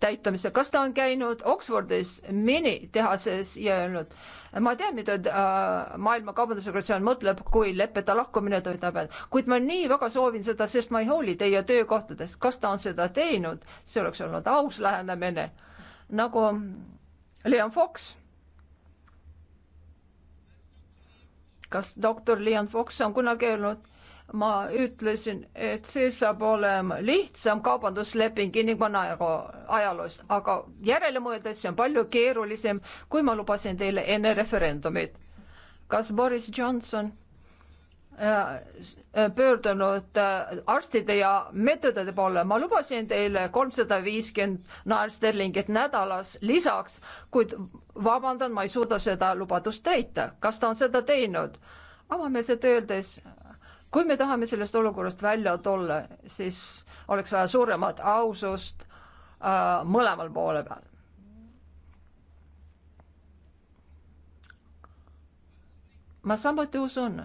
täitumise. kas ta on käinud Oxfordis minitehases ja öelnud, ma tean, mida äh, Maailma Kaubandusorganisatsioon mõtleb, kui lepeta lahkumine toidab, kuid ma nii väga soovin seda, sest ma ei hooli teie töökohtadest. kas ta on seda teinud, see oleks olnud aus lähenemine, nagu Leon Fox. kas doktor Leon Fox on kunagi öelnud, ma ütlesin, et see saab olema lihtsam kaubandusleping inimkonna ajaloost, aga järele mõeldes see on palju keerulisem, kui ma lubasin teile enne referendumit. kas Boris Johnson äh, äh, pöördunud äh, arstide ja meetodide poole, ma lubasin teile kolmsada viiskümmend naersterlingit nädalas lisaks, kuid vabandan, ma ei suuda seda lubadust täita. kas ta on seda teinud? avameelselt öeldes kui me tahame sellest olukorrast välja tulla, siis oleks vaja suuremat ausust äh, mõlemal poole peal. ma samuti usun,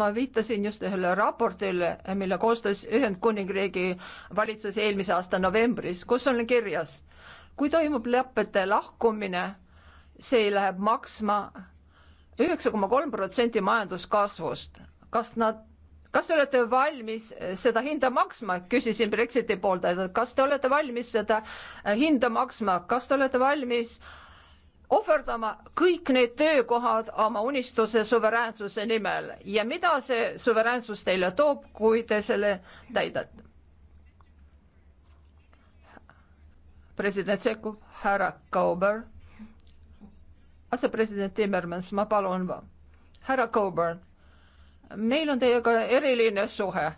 ma viitasin just ühele raportile, mille koostas Ühendkuningriigi valitsus eelmise aasta novembris, kus on kirjas, kui toimub lepete lahkumine, see läheb maksma üheksa koma kolm protsenti majanduskasvust kas nad, kas te olete valmis seda hinda maksma, küsisin Brexiti pooldajalt, kas te olete valmis seda äh, hinda maksma, kas te olete valmis ohverdama kõik need töökohad oma unistuse suveräänsuse nimel ja mida see suveräänsus teile toob, kui te selle täidate? president sekkub, härra Coburn. asepresident Timmermans, ma palun, härra Coburn meil on teiega eriline suhe.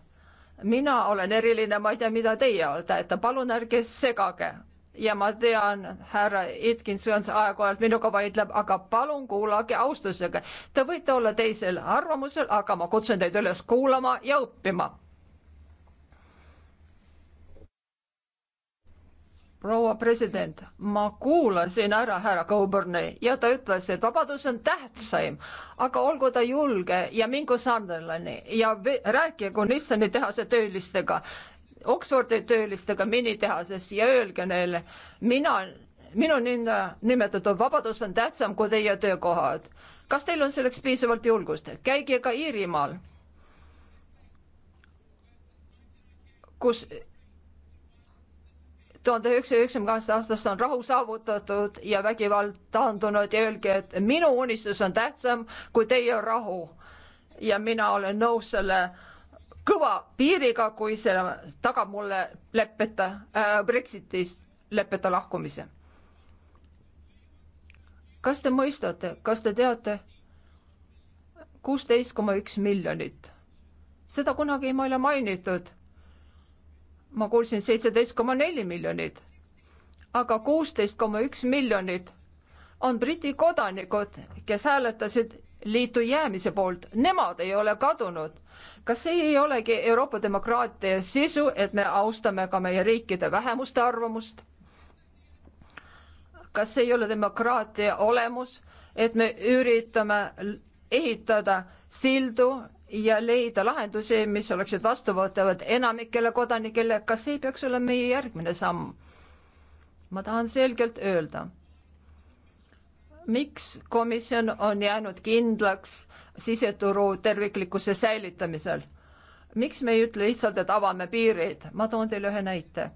mina olen eriline, ma ei tea, mida teie olete, et palun ärge segage ja ma tean, härra Itkinsons aeg-ajalt minuga vaidleb, aga palun kuulake austusega. Te võite olla teisel arvamusel, aga ma kutsun teid üles kuulama ja õppima proua president, ma kuulasin ära härra Coburni ja ta ütles, et vabadus on tähtsaim, aga olgu ta julge ja mingu Sunderlandi ja rääkigu Nissani tehase töölistega, Oxfordi töölistega minitehases ja öelge neile, mina, minu nina nimetatud vabadus on tähtsam kui teie töökohad. kas teil on selleks piisavalt julgust, käige ka Iirimaal, kus tuhande üheksasaja üheksakümne kaheksanda aastast on rahu saavutatud ja vägivald taandunud ja öelge, et minu unistus on tähtsam kui teie rahu. ja mina olen nõus selle kõva piiriga, kui see tagab mulle leppeta äh,, Brexitist leppeta lahkumise. kas te mõistate, kas te teate? kuusteist koma üks miljonit. seda kunagi ei ole mainitud ma kuulsin seitseteist koma neli miljonit, aga kuusteist koma üks miljonit on Briti kodanikud, kes hääletasid liitu jäämise poolt, nemad ei ole kadunud. kas see ei olegi Euroopa demokraatia sisu, et me austame ka meie riikide vähemuste arvamust? kas see ei ole demokraatia olemus, et me üritame ehitada sildu ja leida lahendusi, mis oleksid vastuvõetavad enamikele kodanikele, kas see ei peaks olema meie järgmine samm? ma tahan selgelt öelda, miks komisjon on jäänud kindlaks siseturu terviklikkuse säilitamisel. miks me ei ütle lihtsalt, et avame piirid, ma toon teile ühe näite.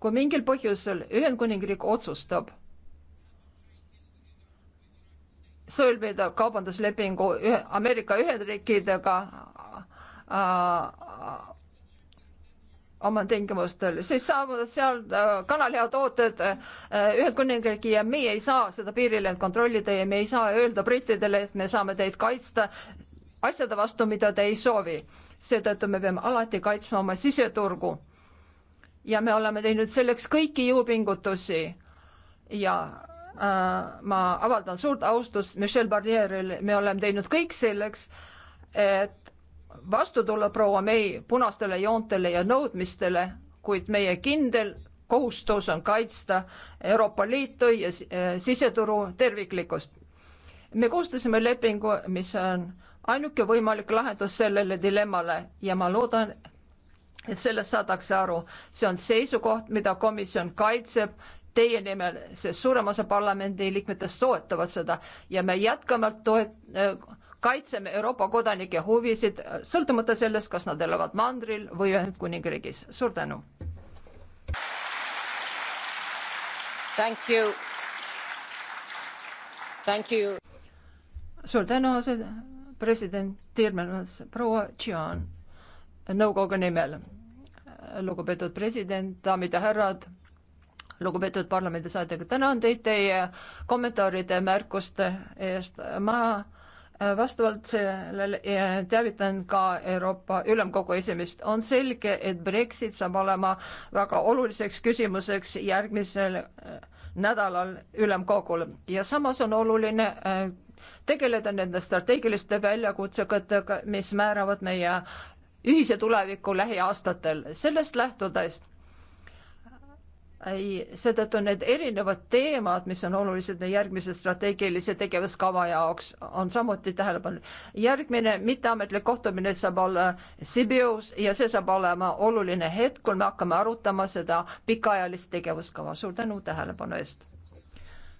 kui mingil põhjusel Ühendkuningriik otsustab sõlmida kaubanduslepingu Ameerika Ühendriikidega äh, äh, oma tingimustel, siis saabuvad seal äh, kanalihatooted Ühendkuningriigi ja meie ei saa seda piirile kontrollida ja me ei saa öelda brittidele, et me saame teid kaitsta asjade vastu, mida te ei soovi. seetõttu me peame alati kaitsma oma siseturgu. ja me oleme teinud selleks kõiki jõupingutusi ja Äh, ma avaldan suurt austust Michel Barnierile, me oleme teinud kõik selleks, et vastu tulla proua May punastele joontele ja nõudmistele, kuid meie kindel kohustus on kaitsta Euroopa Liitu ja äh, siseturu terviklikkust. me koostasime lepingu, mis on ainuke võimalik lahendus sellele dilemmale ja ma loodan, et sellest saadakse aru. see on seisukoht, mida komisjon kaitseb teie nimel, sest suurem osa parlamendiliikmetest soetavad seda ja me jätkuvalt toet-, kaitseme Euroopa kodanike huvisid, sõltumata sellest, kas nad elavad mandril või Ühendkuningriigis. suur tänu. Thank you. Thank you. suur tänu, president Tirmenas, proua Tšion nõukogu nimel. lugupeetud president, daamid ja härrad lugupeetud parlamendisaadikud, tänan teid teie kommentaaride, märkuste eest, ma äh, vastavalt sellele äh, teavitan ka Euroopa Ülemkogu esimest. on selge, et Brexit saab olema väga oluliseks küsimuseks järgmisel äh, nädalal ülemkogul ja samas on oluline tegeleda nende strateegiliste väljakutsetega, mis määravad meie ühise tuleviku lähiaastatel. sellest lähtudes seetõttu need erinevad teemad, mis on olulised meie järgmise strateegilise tegevuskava jaoks, on samuti tähelepanu. järgmine mitteametlik kohtumine saab olla Sibius ja see saab olema oluline hetk, kui me hakkame arutama seda pikaajalist tegevuskava. suur tänu tähelepanu eest.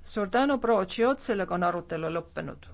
suur tänu, proua Tšiot, sellega on arutelu lõppenud.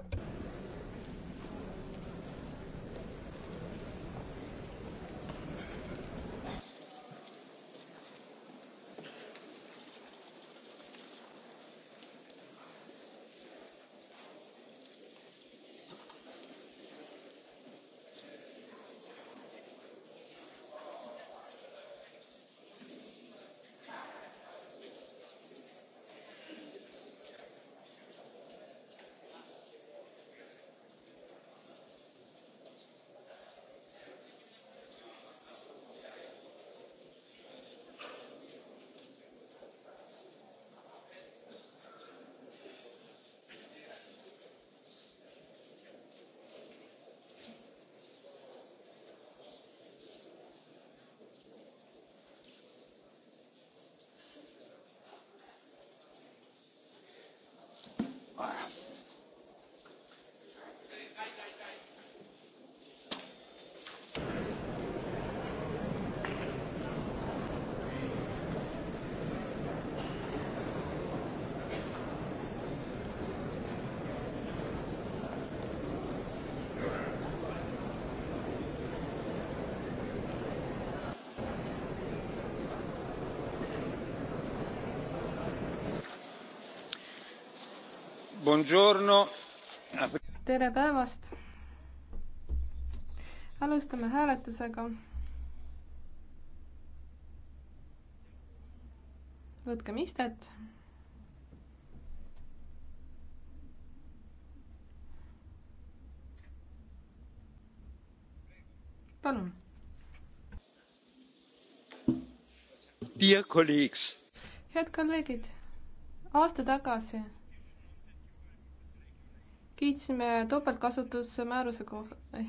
tere päevast! alustame hääletusega. võtkem istet. palun. head kolleegid, aasta tagasi kiitsime topeltkasutuse määruse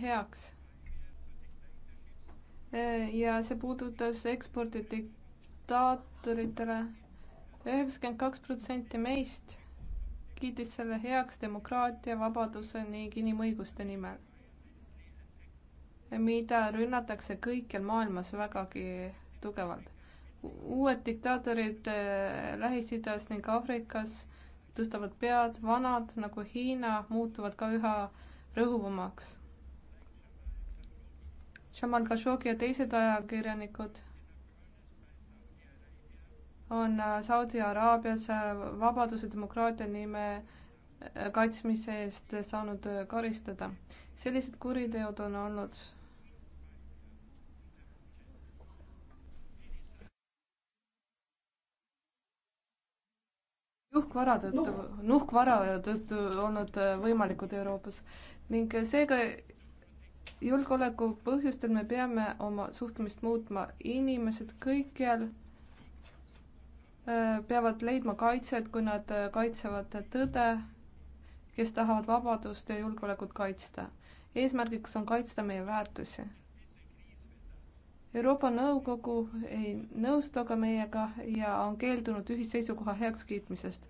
heaks. E, ja see puudutas eksporti diktaatoritele. üheksakümmend kaks protsenti meist kiitis selle heaks demokraatia, vabaduse ning inimõiguste nimel, mida rünnatakse kõikjal maailmas vägagi tugevalt. uued diktaatorid e, Lähis-Idas ning Aafrikas äh, tõstavad pead, vanad nagu Hiina muutuvad ka üha rõhuvamaks. Jamal Khashoggi ja teised ajakirjanikud on äh, Saudi Araabias äh, vabaduse, demokraatia nime äh, kaitsmise eest saanud karistada. sellised kuriteod on olnud juhkvara tõttu Nuh., nuhkvara tõttu olnud äh, võimalikud Euroopas ning äh, seega julgeoleku põhjustel me peame oma suhtumist muutma, inimesed kõikjal äh, peavad leidma kaitset, kui nad kaitsevad tõde, kes tahavad vabadust ja julgeolekut kaitsta. eesmärgiks on kaitsta meie väärtusi Euroopa Nõukogu ei nõustu aga meiega ja on keeldunud ühisseisukoha heakskiitmisest.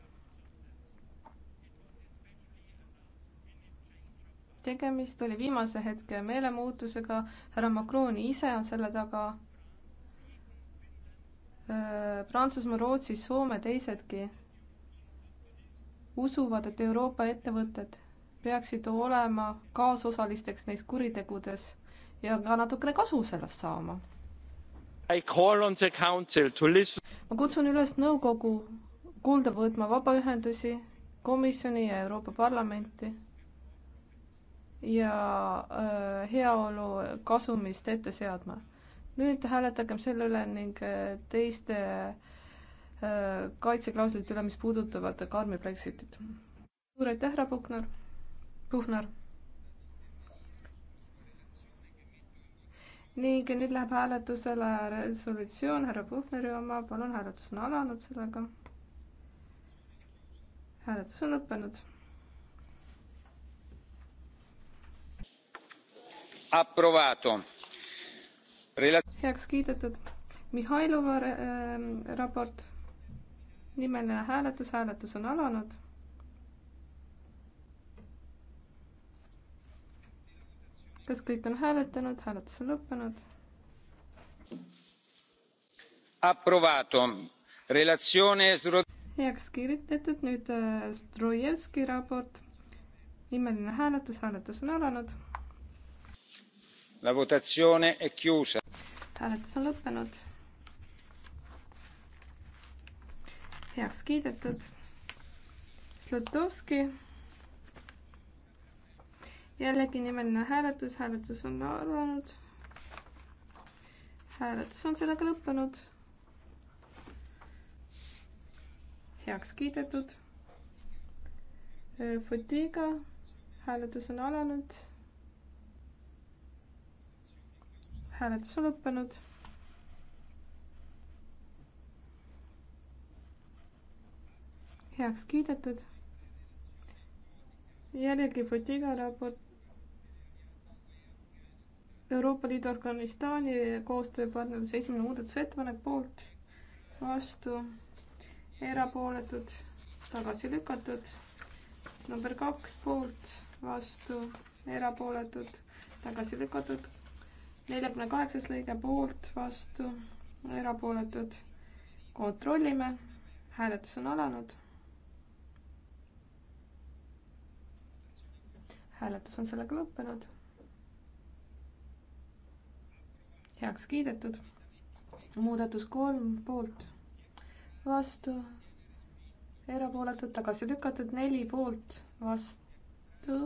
tegemist oli viimase hetke meelemuutusega, härra Macron ise on selle taga. Prantsusmaa, Rootsi, Soome, teisedki usuvad, et Euroopa ettevõtted peaksid olema kaasosalisteks neis kuritegudes ja ka natukene kasu sellest saama. ma kutsun üles nõukogu kuulda võtma vabaühendusi, komisjoni ja Euroopa Parlamenti ja äh, heaolu kasumist ette seadma. nüüd hääletagem selle üle ning äh, teiste äh, kaitseklauslite üle, mis puudutavad karmi Brexitit. suur aitäh, härra Puhknar, Puhnar! ning nüüd läheb hääletusele resolutsioon härra Puhvneri oma, palun, hääletus on alanud sellega. hääletus on lõppenud. Approvato heaks kiidetud. Mihhailova äh, raport, nimeline hääletus, hääletus on alanud kas kõik on hääletanud, hääletus on lõppenud? Approvato. Relatsioone. heaks kiiritatud, nüüd Strojevski äh, raport. nimeline hääletus, hääletus on alanud. La votazione è chiusa. hääletus on lõppenud. heaks kiidetud. Slutovski jällegi nimeline hääletus, hääletus on alanud. hääletus on sellega lõppenud. heaks kiidetud. Fotiga hääletus on alanud. hääletus on lõppenud. heaks kiidetud. jällegi Fotiga raport Euroopa Liidu Afganistani koostööpartnerluse esimene muudatusettepanek poolt, vastu, erapooletud, tagasi lükatud. number kaks poolt, vastu, erapooletud, tagasi lükatud. neljakümne kaheksas lõige poolt, vastu, erapooletud. kontrollime, hääletus on alanud. hääletus on sellega lõppenud heaks kiidetud. muudatus kolm poolt, vastu, erapooletud, tagasi lükatud, neli poolt, vastu,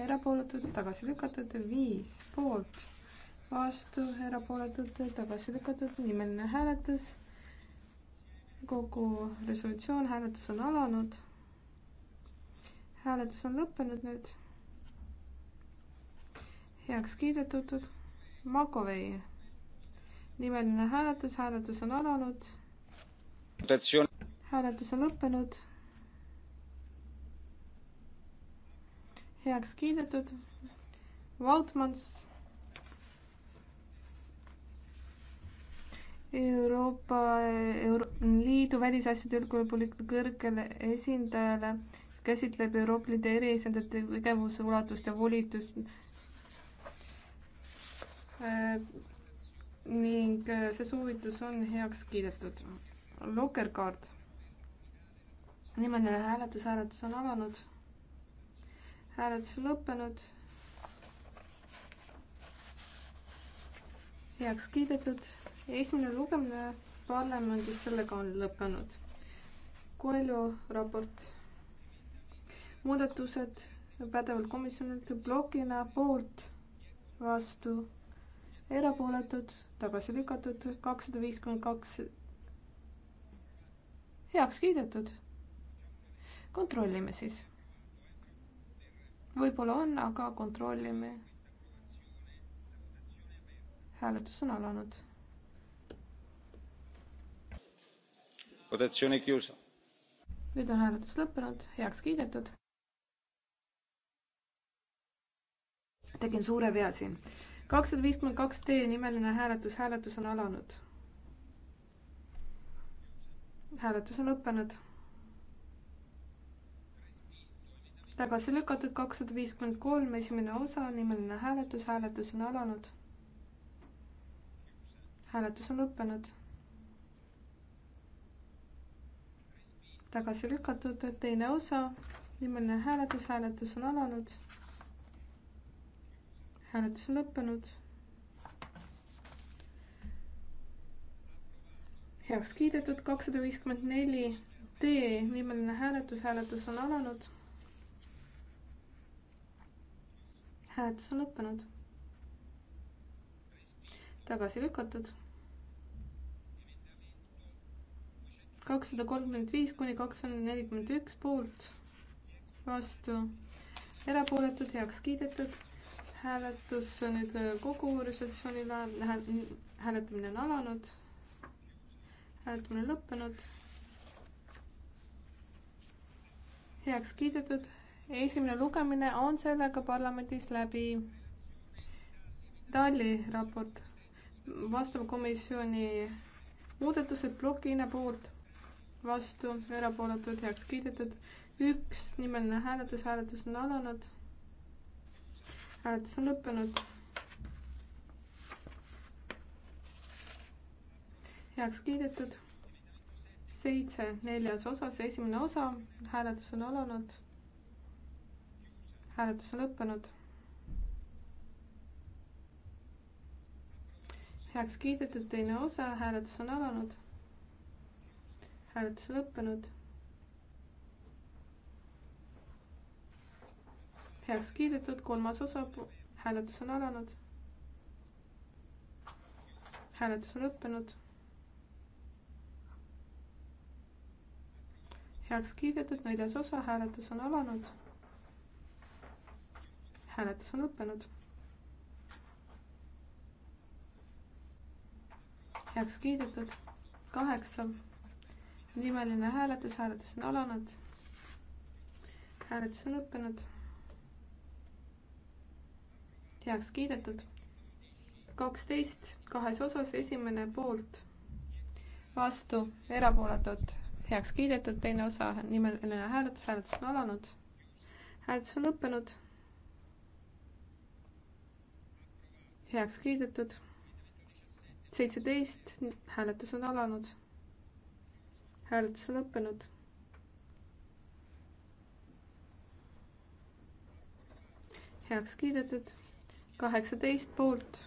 erapooletud, tagasi lükatud, viis poolt, vastu, erapooletud, tagasi lükatud, nimeline hääletus. kogu resolutsioon, hääletus on alanud. hääletus on lõppenud nüüd. heaks kiidetud. Makovei nimeline hääletus, hääletus on alanud. hääletus on lõppenud. heaks kiidetud. Vautmans. Euroopa Euro Liidu välisasjade julgeolekupoliitika kõrgele esindajale, kes käsitleb Euroopa Liidu eriesindajate tegevuse ulatust ja volitust äh, ning äh, see soovitus on heaks kiidetud. Lokerkaart. nimeline hääletus, hääletus on alanud. hääletus on lõppenud. heaks kiidetud. esimene lugemine parlamendis sellega on lõppenud. Koelju raport. muudatused pädevalt komisjonilt plokina poolt, vastu, erapooletud tagasi lükatud, kakssada viiskümmend kaks heaks kiidetud. kontrollime siis. võib-olla on, aga kontrollime. hääletus on alanud. nüüd on hääletus lõppenud, heaks kiidetud. tegin suure vea siin kakssada viiskümmend kaks D nimeline hääletus, hääletus on alanud. hääletus on lõppenud. tagasi lükatud kakssada viiskümmend kolm, esimene osa, nimeline hääletus, hääletus on alanud. hääletus on lõppenud. tagasi lükatud teine osa, nimeline hääletus, hääletus on alanud hääletus on lõppenud. heaks kiidetud kakssada viiskümmend neli D nimeline hääletus, hääletus on alanud. hääletus on lõppenud. tagasi lükatud. kakssada kolmkümmend viis kuni kakssada nelikümmend üks poolt, vastu, erapooletud, heaks kiidetud hääletus nüüd äh, kogu resolutsioonile, hääletamine on alanud, hääletamine on lõppenud, heaks kiidetud, esimene lugemine on sellega parlamendis läbi. Dali raport, vastav komisjoni muudatused plokina poolt, vastu, erapooletud, heaks kiidetud, üks nimeline hääletus, hääletus on alanud hääletus on lõppenud. heaks kiidetud. seitse neljas osas, esimene osa, hääletus on alanud. hääletus on lõppenud. heaks kiidetud teine osa, hääletus on alanud. hääletus lõppenud heaks kiidetud, kolmas osa, hääletus on alanud. hääletus on lõppenud. heaks kiidetud, neljas osa, hääletus on alanud. hääletus on lõppenud. heaks kiidetud, kaheksa, nimeline hääletus, hääletus on alanud. hääletus on lõppenud heaks kiidetud. kaksteist kahes osas, esimene poolt, vastu, erapooletud, heaks kiidetud, teine osa, nimeline hääletus, hääletus on alanud. hääletus on lõppenud. heaks kiidetud. seitseteist, hääletus on alanud. hääletus on lõppenud heaks kiidetud kaheksateist poolt,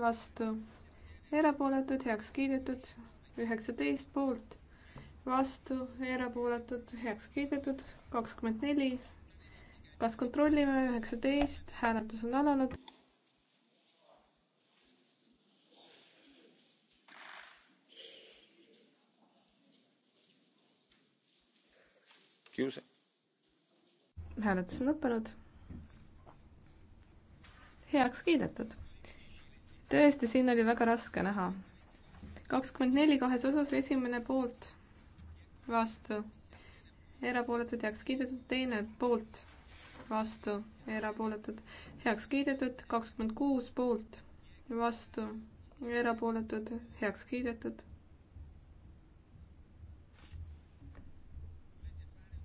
vastu, erapooletud, heaks kiidetud, üheksateist poolt, vastu, erapooletud, heaks kiidetud, kakskümmend neli. kas kontrollime üheksateist, hääletus on alanud. hääletus on lõppenud heaks kiidetud. tõesti, siin oli väga raske näha. kakskümmend neli kahes osas, esimene poolt, vastu, erapooletud, heaks kiidetud, teine poolt, vastu, erapooletud, heaks kiidetud, kakskümmend kuus poolt, vastu, erapooletud, heaks kiidetud.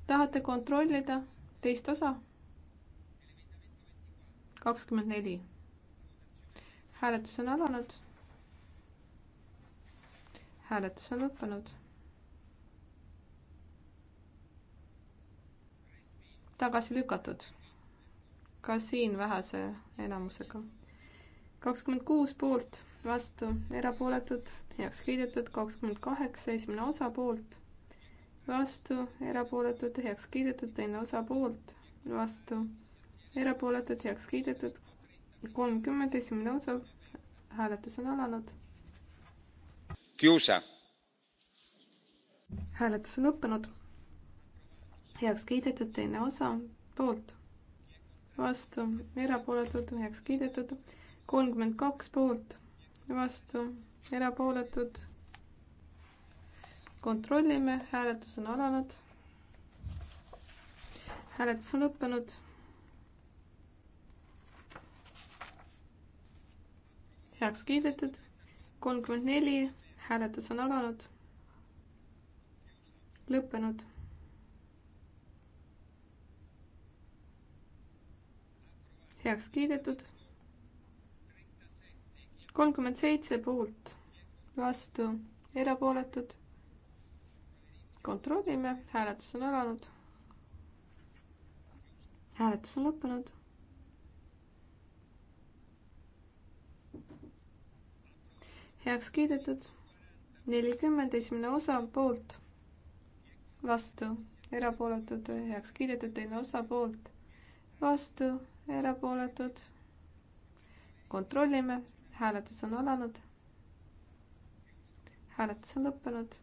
tahate kontrollida teist osa? kakskümmend neli. hääletus on alanud. hääletus on lõppenud. tagasi lükatud. ka siin vähese enamusega. kakskümmend kuus poolt, vastu, erapooletud, heaks kiidetud, kakskümmend kaheksa, esimene osa poolt, vastu, erapooletud, heaks kiidetud, teine osa poolt, vastu erapooletud, heaks kiidetud. kolmkümmend, esimene osa, hääletus on alanud. Kiusa. hääletus on lõppenud. heaks kiidetud teine osa, poolt, vastu, erapooletud, heaks kiidetud. kolmkümmend kaks poolt, vastu, erapooletud. kontrollime, hääletus on alanud. hääletus on lõppenud heaks kiidetud. kolmkümmend neli, hääletus on alanud. lõppenud. heaks kiidetud. kolmkümmend seitse poolt, vastu, erapooletud. kontrollime, hääletus on alanud. hääletus on lõppenud heaks kiidetud. nelikümmend esimene osa poolt, vastu, erapooletud, heaks kiidetud, teine osa poolt, vastu, erapooletud. kontrollime, hääletus on alanud. hääletus on lõppenud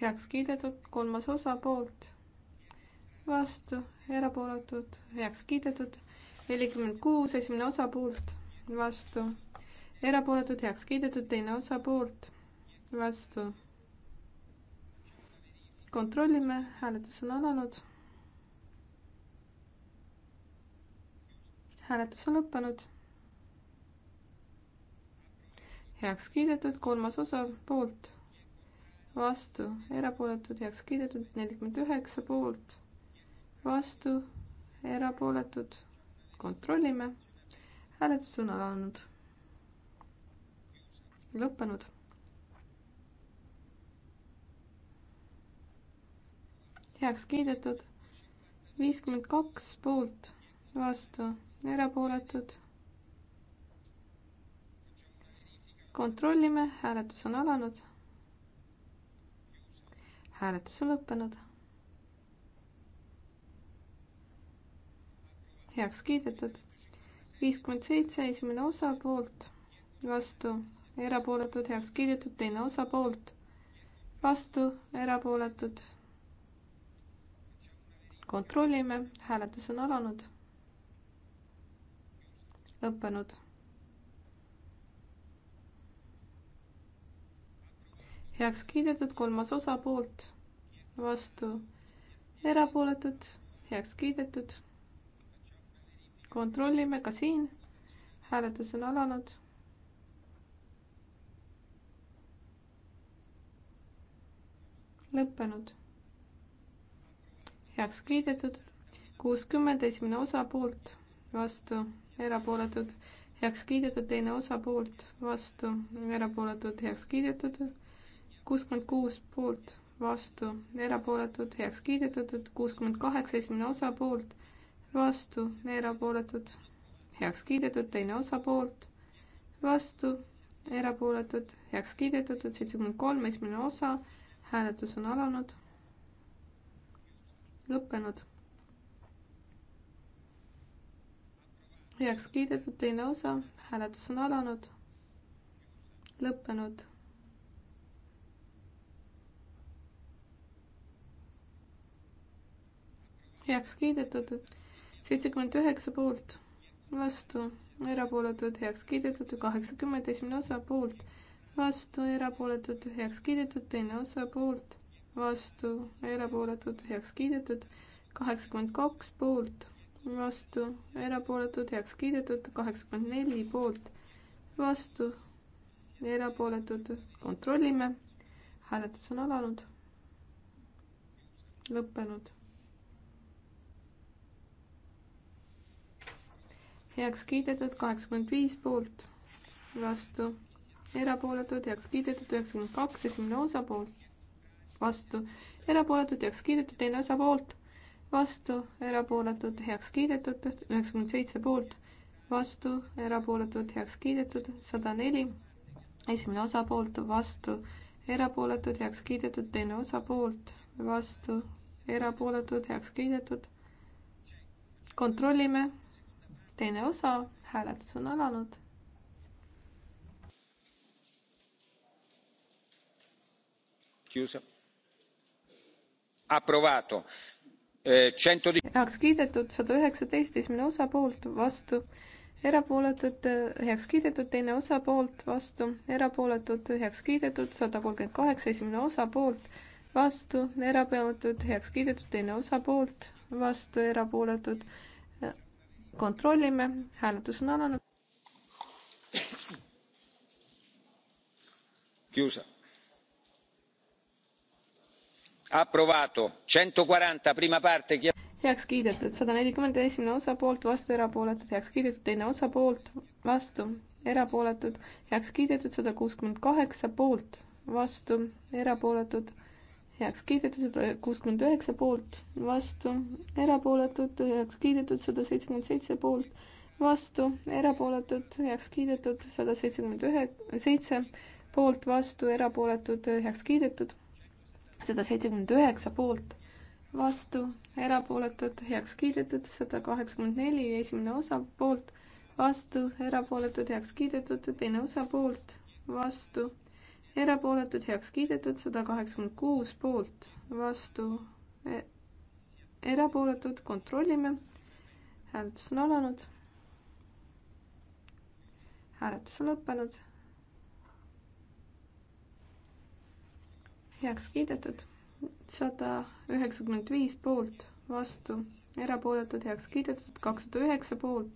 heaks kiidetud, kolmas osa poolt, vastu, erapooletud, heaks kiidetud, nelikümmend kuus, esimene osa poolt, vastu, erapooletud, heaks kiidetud, teine osa poolt, vastu. kontrollime, hääletus on alanud. hääletus on lõppenud. heaks kiidetud, kolmas osa poolt, vastu, erapooletud, heaks kiidetud, nelikümmend üheksa poolt, vastu, erapooletud kontrollime. hääletus on alanud. lõppenud. heaks kiidetud. viiskümmend kaks poolt, vastu, erapooletud. kontrollime, hääletus on alanud. hääletus on lõppenud heaks kiidetud. viiskümmend seitse, esimene osa poolt, vastu, erapooletud, heaks kiidetud, teine osa poolt, vastu, erapooletud. kontrollime, hääletus on alanud. lõppenud. heaks kiidetud, kolmas osa poolt, vastu, erapooletud, heaks kiidetud kontrollime ka siin. hääletus on alanud. lõppenud. heaks kiidetud kuuskümmend esimene osa poolt, vastu, erapooletud, heaks kiidetud, teine osa poolt, vastu, erapooletud, heaks kiidetud, kuuskümmend kuus poolt, vastu, erapooletud, heaks kiidetud, kuuskümmend kaheksa esimene osa poolt vastu, erapooletud, heaks kiidetud, teine osa poolt, vastu, erapooletud, heaks kiidetud, seitsekümmend kolm, esimene osa, hääletus on alanud, lõppenud. heaks kiidetud, teine osa, hääletus on alanud, lõppenud heaks kiidetud seitsekümmend üheksa poolt, vastu, erapooletud, heaks kiidetud, kaheksakümmend esimene osa poolt, vastu, erapooletud, heaks kiidetud, teine osa poolt, vastu, erapooletud, heaks kiidetud, kaheksakümmend kaks poolt, vastu, erapooletud, heaks kiidetud, kaheksakümmend neli poolt, vastu, erapooletud, kontrollime hääletus on alanud, lõppenud. heaks kiidetud, kaheksakümmend viis poolt, vastu, erapooletud, heaks kiidetud, üheksakümmend kaks, esimene osa poolt, vastu, erapooletud, heaks kiidetud, teine osa poolt, vastu, erapooletud, heaks kiidetud, üheksakümmend seitse poolt, vastu, erapooletud, heaks kiidetud, sada neli, esimene osa poolt, vastu, erapooletud, heaks kiidetud, teine osa poolt, vastu, erapooletud, heaks kiidetud. kontrollime teine osa, hääletus on alanud. Eh, heaks kiidetud sada üheksateist, esimene osa poolt, vastu, erapooletud, eh, heaks kiidetud, teine osa poolt, vastu, erapooletud, heaks kiidetud, sada kolmkümmend kaheksa, esimene osa poolt vastu, erapooletud, heaks kiidetud, teine osapoolt, vastu, erapooletud, kontrollime, hääletus on alanud. Chiusa. Approvato centoquaranta prima parte. heaks kiidetud sada nelikümmend esimene osa poolt, vastu, erapooletud, heaks kiidetud teine osa poolt, vastu, erapooletud, heaks kiidetud sada kuuskümmend kaheksa poolt, vastu, erapooletud heaks kiidetud sada kuuskümmend üheksa poolt, vastu, erapooletud, heaks kiidetud sada seitsekümmend seitse poolt, vastu, erapooletud, heaks kiidetud sada seitsekümmend ühe, seitse poolt, vastu, erapooletud, heaks kiidetud sada seitsekümmend üheksa poolt, vastu, erapooletud, heaks kiidetud sada kaheksakümmend neli, esimene osa poolt, vastu, erapooletud, heaks kiidetud, teine osa poolt, vastu erapooletud, heaks kiidetud, sada kaheksakümmend kuus poolt, vastu e, erapooletud, kontrollime. hääletus on alanud. hääletus on lõppenud. heaks kiidetud, sada üheksakümmend viis poolt, vastu, erapooletud, heaks kiidetud, kakssada üheksa poolt,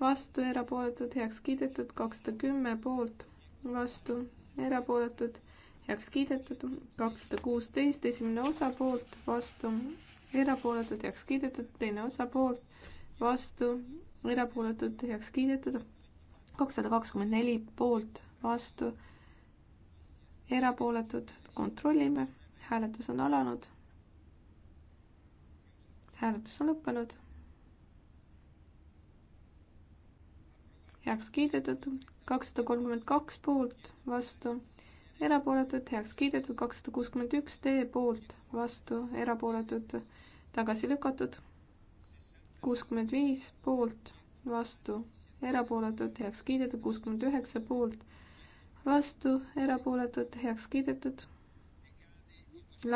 vastu, erapooletud, heaks kiidetud, kakssada kümme poolt, vastu erapooletud, heaks kiidetud, kakssada kuusteist, esimene osa poolt, vastu, erapooletud, heaks kiidetud, teine osa poolt, vastu, erapooletud, heaks kiidetud, kakssada kakskümmend neli poolt, vastu, erapooletud, kontrollime, hääletus on alanud. hääletus on lõppenud heaks kiidetud, kakssada kolmkümmend kaks poolt, vastu, erapooletud, heaks kiidetud, kakssada kuuskümmend üks D poolt, vastu, erapooletud, tagasi lükatud, kuuskümmend viis poolt, vastu, erapooletud, heaks kiidetud, kuuskümmend üheksa poolt, vastu, erapooletud, heaks kiidetud,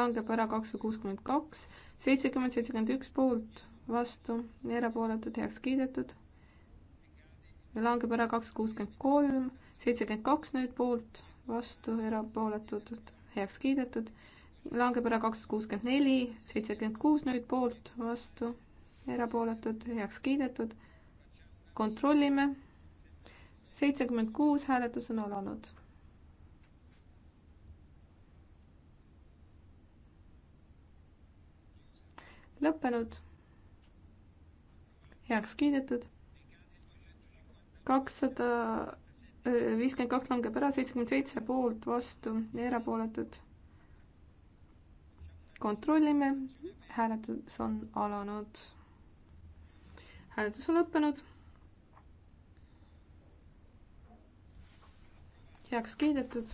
langeb ära kakssada kuuskümmend kaks, seitsekümmend, seitsekümmend üks poolt, vastu, erapooletud, heaks kiidetud langeb ära kakssada kuuskümmend kolm, seitsekümmend kaks nüüd poolt, vastu, erapooletud, heaks kiidetud. langeb ära kakssada kuuskümmend neli, seitsekümmend kuus nüüd poolt, vastu, erapooletud, heaks kiidetud. kontrollime. seitsekümmend kuus hääletus on alanud. lõppenud, heaks kiidetud kakssada viiskümmend kaks langeb ära, seitsekümmend seitse poolt, vastu ja erapooletud. kontrollime, hääletus on alanud. hääletus on lõppenud. heaks kiidetud.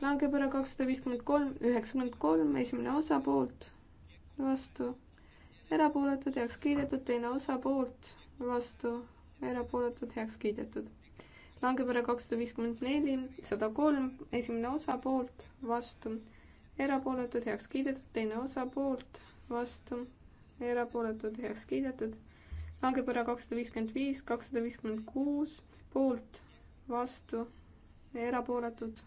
langeb ära kakssada viiskümmend kolm, üheksakümmend kolm, esimene osa poolt, vastu, erapooletud, heaks kiidetud, teine osa poolt, vastu erapooletud, heaks kiidetud. langepere kakssada viiskümmend neli, sada kolm, esimene osa poolt, vastu, erapooletud, heaks kiidetud, teine osa poolt, vastu, erapooletud, heaks kiidetud. langepere kakssada viiskümmend viis, kakssada viiskümmend kuus, poolt, vastu, erapooletud.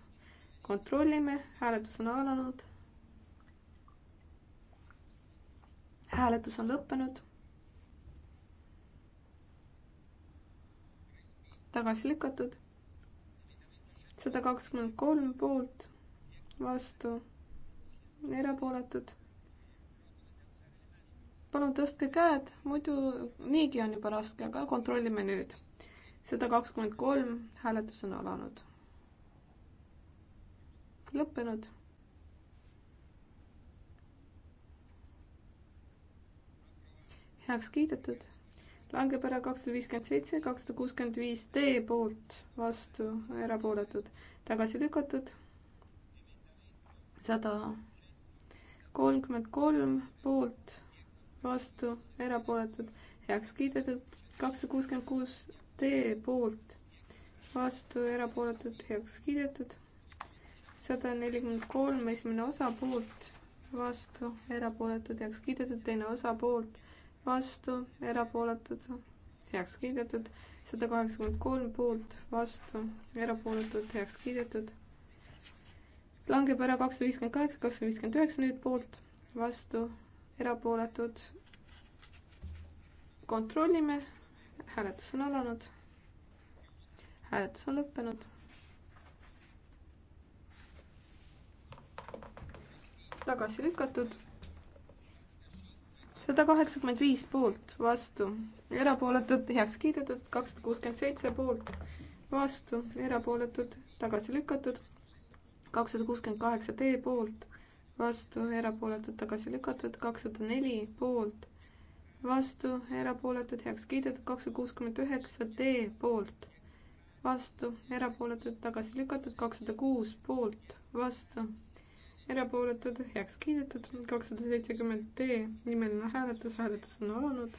kontrollime, hääletus on alanud. hääletus on lõppenud tagasi lükatud. sada kakskümmend kolm poolt, vastu, erapooletud. palun tõstke käed, muidu niigi on juba raske, aga kontrollime nüüd. sada kakskümmend kolm, hääletus on alanud. lõppenud. heaks kiidetud langeb ära kakssada viiskümmend seitse, kakssada kuuskümmend viis D poolt, vastu, erapooletud, tagasi lükatud. sada kolmkümmend kolm poolt, vastu, erapooletud, heaks kiidetud, kakssada kuuskümmend kuus D poolt, vastu, erapooletud, heaks kiidetud. sada nelikümmend kolm, esimene osa poolt, vastu, erapooletud, heaks kiidetud, teine osa poolt vastu, erapooletud, heaks kiidetud, sada kaheksakümmend kolm poolt, vastu, erapooletud, heaks kiidetud. langeb ära kakssada viiskümmend kaheksa, kakssada viiskümmend üheksa nüüd poolt, vastu, erapooletud. kontrollime, hääletus on alanud. hääletus on lõppenud tagasi lükatud sada kaheksakümmend viis poolt, vastu, erapooletud, heaks kiidetud, kakssada kuuskümmend seitse poolt, vastu, erapooletud, tagasi lükatud, kakssada kuuskümmend kaheksa D poolt, vastu, erapooletud, tagasi lükatud, kakssada neli poolt, vastu, erapooletud, heaks kiidetud, kakssada kuuskümmend üheksa D poolt vastu, erapooletud tagasi lükatud, kakssada kuus poolt, vastu, erapooletud, heaks kiidetud, kakssada seitsekümmend D nimeline hääletus, hääletus on alanud.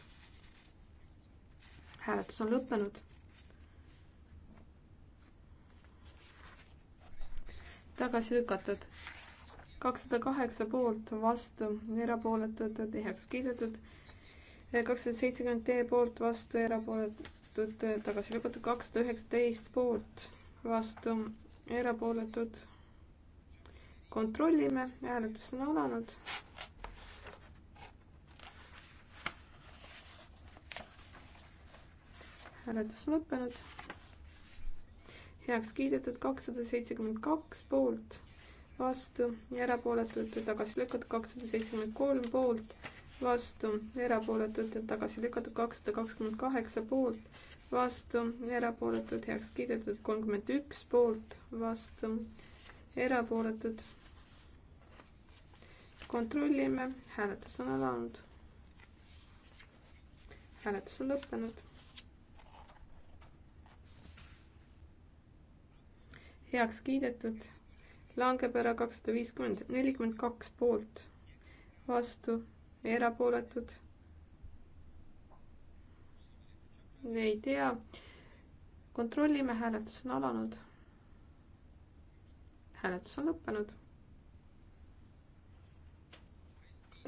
hääletus on lõppenud. tagasi lükatud, kakssada kaheksa poolt, vastu, erapooletud, heaks kiidetud, kakssada seitsekümmend D poolt, vastu, erapooletud, tagasi lükatud, kakssada üheksateist poolt, vastu, erapooletud kontrollime, hääletus on alanud. hääletus on lõppenud. heaks kiidetud kakssada seitsekümmend kaks poolt, vastu ja erapooletud tagasi lükatud kakssada seitsekümmend kolm poolt, vastu, erapooletud ja tagasi lükatud kakssada kakskümmend kaheksa poolt, vastu, erapooletud heaks kiidetud kolmkümmend üks poolt, vastu, erapooletud kontrollime, hääletus on alanud. hääletus on lõppenud. heaks kiidetud, langeb ära kakssada viiskümmend, nelikümmend kaks poolt, vastu, erapooletud. ei tea, kontrollime, hääletus on alanud. hääletus on lõppenud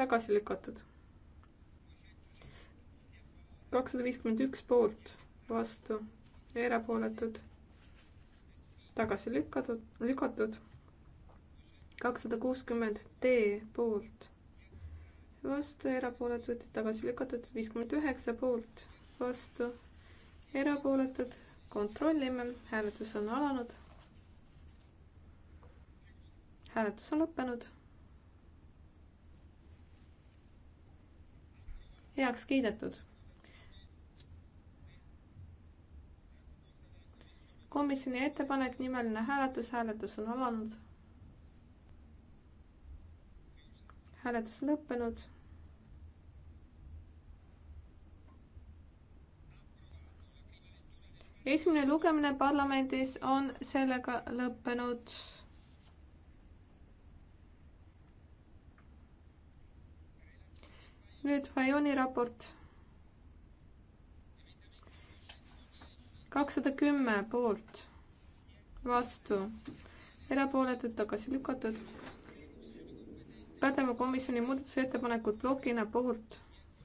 tagasi lükatud. kakssada viiskümmend üks poolt, vastu, erapooletud, tagasi lükatud, lükatud. kakssada kuuskümmend D poolt, vastu, erapooletud, tagasi lükatud, viiskümmend üheksa poolt, vastu, erapooletud, kontrollime, hääletus on alanud. hääletus on lõppenud heaks kiidetud. komisjoni ettepanek, nimeline hääletus, hääletus on alanud. hääletus lõppenud. esimene lugemine parlamendis on sellega lõppenud nüüd Fajoni raport. kakssada kümme poolt, vastu, erapooletud, tagasi lükatud. pädeva komisjoni muudatusettepanekud plokina poolt,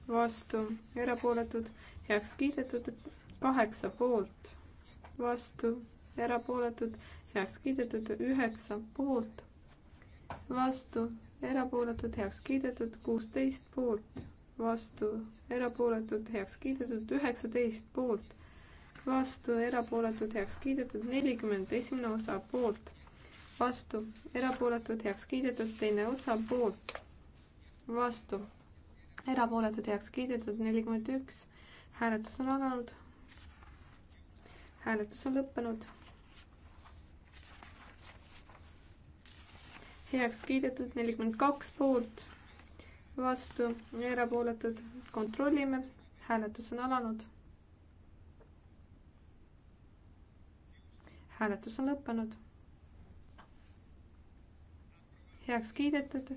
vastu, erapooletud, heaks kiidetud, kaheksa poolt, vastu, erapooletud, heaks kiidetud, üheksa poolt, vastu erapooletud, heaks kiidetud, kuusteist poolt, vastu, erapooletud, heaks kiidetud, üheksateist poolt, vastu, erapooletud, heaks kiidetud, nelikümmend esimene osa poolt, vastu, erapooletud, heaks kiidetud, teine osa poolt, vastu, erapooletud, heaks kiidetud, nelikümmend üks, hääletus on alanud hääletus on lõppenud heaks kiidetud, nelikümmend kaks poolt, vastu, erapooletud, kontrollime, hääletus on alanud. hääletus on lõppenud. heaks kiidetud,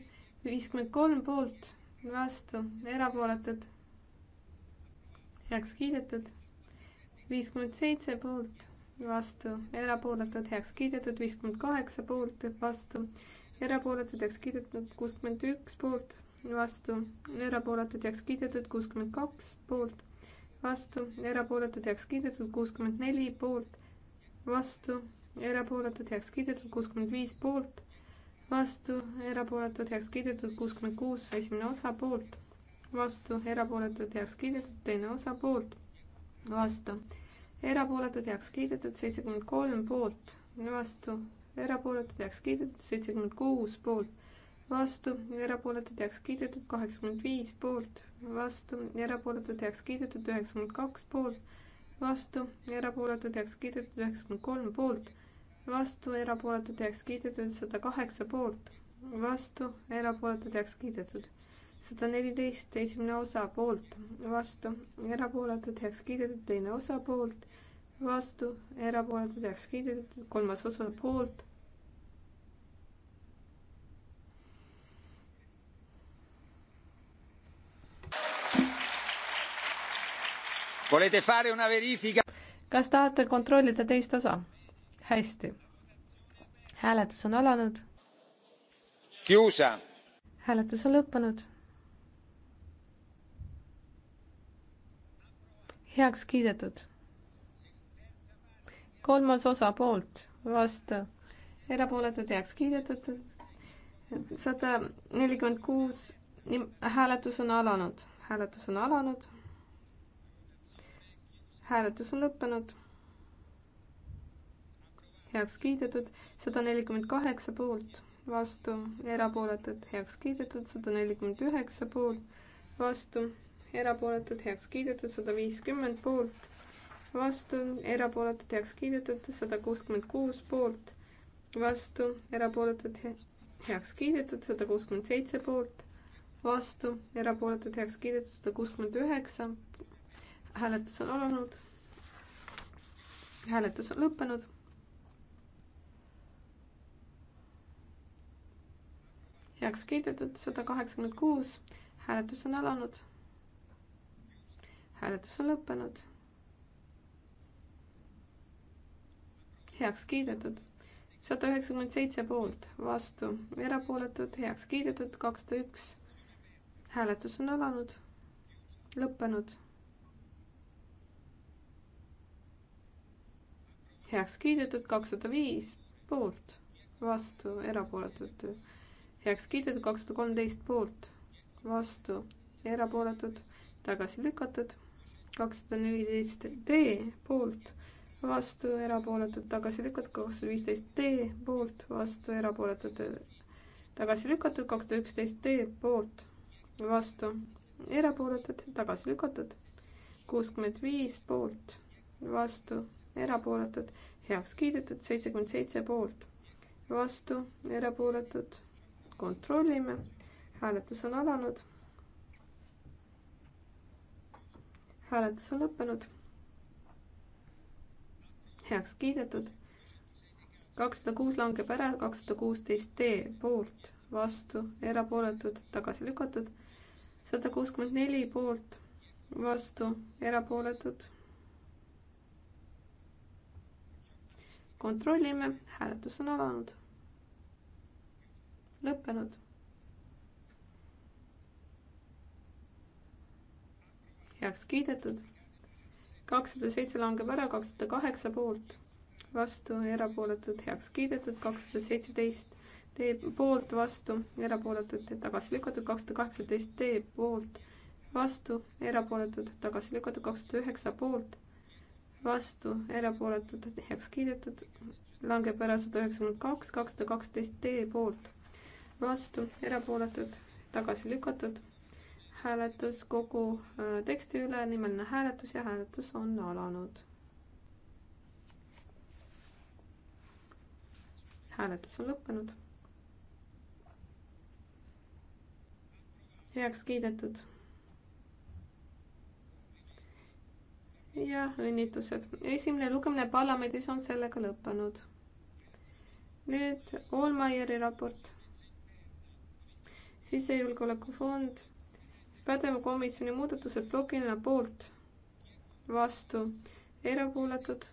viiskümmend kolm poolt, vastu, erapooletud, heaks kiidetud, viiskümmend seitse poolt, vastu, erapooletud, heaks kiidetud, viiskümmend kaheksa poolt, vastu erapooletud heaks kiidetud kuuskümmend üks poolt, vastu, erapooletud heaks kiidetud kuuskümmend kaks poolt, vastu, erapooletud heaks kiidetud kuuskümmend neli poolt, vastu, erapooletud heaks kiidetud kuuskümmend viis poolt, vastu, erapooletud heaks kiidetud kuuskümmend kuus, esimene osa poolt, vastu, erapooletud heaks kiidetud teine osa poolt, vastu, erapooletud heaks kiidetud seitsekümmend kolm poolt, vastu erapooletud, heaks kiidetud, seitsekümmend kuus poolt, vastu, erapooletud, heaks kiidetud, kaheksakümmend viis poolt, vastu, erapooletud, heaks kiidetud, üheksakümmend kaks poolt, vastu, erapooletud, heaks kiidetud, üheksakümmend kolm poolt, vastu, erapooletud, heaks kiidetud, sada kaheksa poolt, vastu, erapooletud, heaks kiidetud sada neliteist, esimene osa poolt, vastu, erapooletud, heaks kiidetud, teine osa poolt, vastu, erapooletud, heaks kiidetud, kolmas osa poolt, kas tahate kontrollida teist osa? hästi. hääletus on alanud. hääletus on lõppenud. heaks kiidetud. kolmas osa poolt, vastu, erapooletud, heaks kiidetud. sada nelikümmend kuus, hääletus on alanud, hääletus on alanud hääletus on lõppenud. heaks kiidetud sada nelikümmend kaheksa poolt, vastu, erapooletud, heaks kiidetud sada nelikümmend üheksa poolt, vastu, erapooletud, heaks kiidetud sada viiskümmend poolt, vastu, erapooletud, heaks kiidetud sada kuuskümmend kuus poolt, vastu, erapooletud, heaks kiidetud sada kuuskümmend seitse poolt, vastu, erapooletud, heaks kiidetud sada kuuskümmend üheksa hääletus on alanud. hääletus on lõppenud. heaks kiidetud sada kaheksakümmend kuus, hääletus on alanud. hääletus on lõppenud. heaks kiidetud sada üheksakümmend seitse poolt, vastu, erapooletud, heaks kiidetud, kakssada üks. hääletus on alanud, lõppenud heaks kiidetud, kakssada viis poolt, vastu, erapooletud. heaks kiidetud, kakssada kolmteist poolt, vastu, erapooletud, tagasi lükatud. kakssada neliteist D poolt, vastu, erapooletud, tagasi lükatud, kakssada viisteist D poolt, vastu, erapooletud, tagasi lükatud, kakssada üksteist D poolt, vastu, erapooletud, tagasi lükatud, kuuskümmend viis poolt, vastu erapooletud, heaks kiidetud, seitsekümmend seitse poolt, vastu, erapooletud, kontrollime, hääletus on alanud. hääletus on lõppenud. heaks kiidetud, kakssada kuus langeb ära, kakssada kuusteist D poolt, vastu, erapooletud, tagasi lükatud, sada kuuskümmend neli poolt, vastu, erapooletud kontrollime, hääletus on alanud. lõppenud. heaks kiidetud. kakssada seitse langeb ära, kakssada kaheksa poolt, vastu, erapooletud, heaks kiidetud, kakssada seitseteist teeb poolt, vastu, erapooletud, tagasi lükatud, kakssada kaheksateist teeb poolt, vastu, erapooletud, tagasi lükatud, kakssada üheksa poolt vastu, erapooletud, heaks kiidetud, langeb ära sada üheksakümmend kaks, kakssada kaksteist D poolt, vastu, erapooletud, tagasi lükatud, hääletus kogu äh, teksti üle, nimeline hääletus ja hääletus on alanud. hääletus on lõppenud. heaks kiidetud ja õnnitlused. esimene lugemine parlamendis on sellega lõppenud. nüüd Olmaieri raport. sisejulgeolekufond, pädeva komisjoni muudatused plokina poolt, vastu, erapooletud,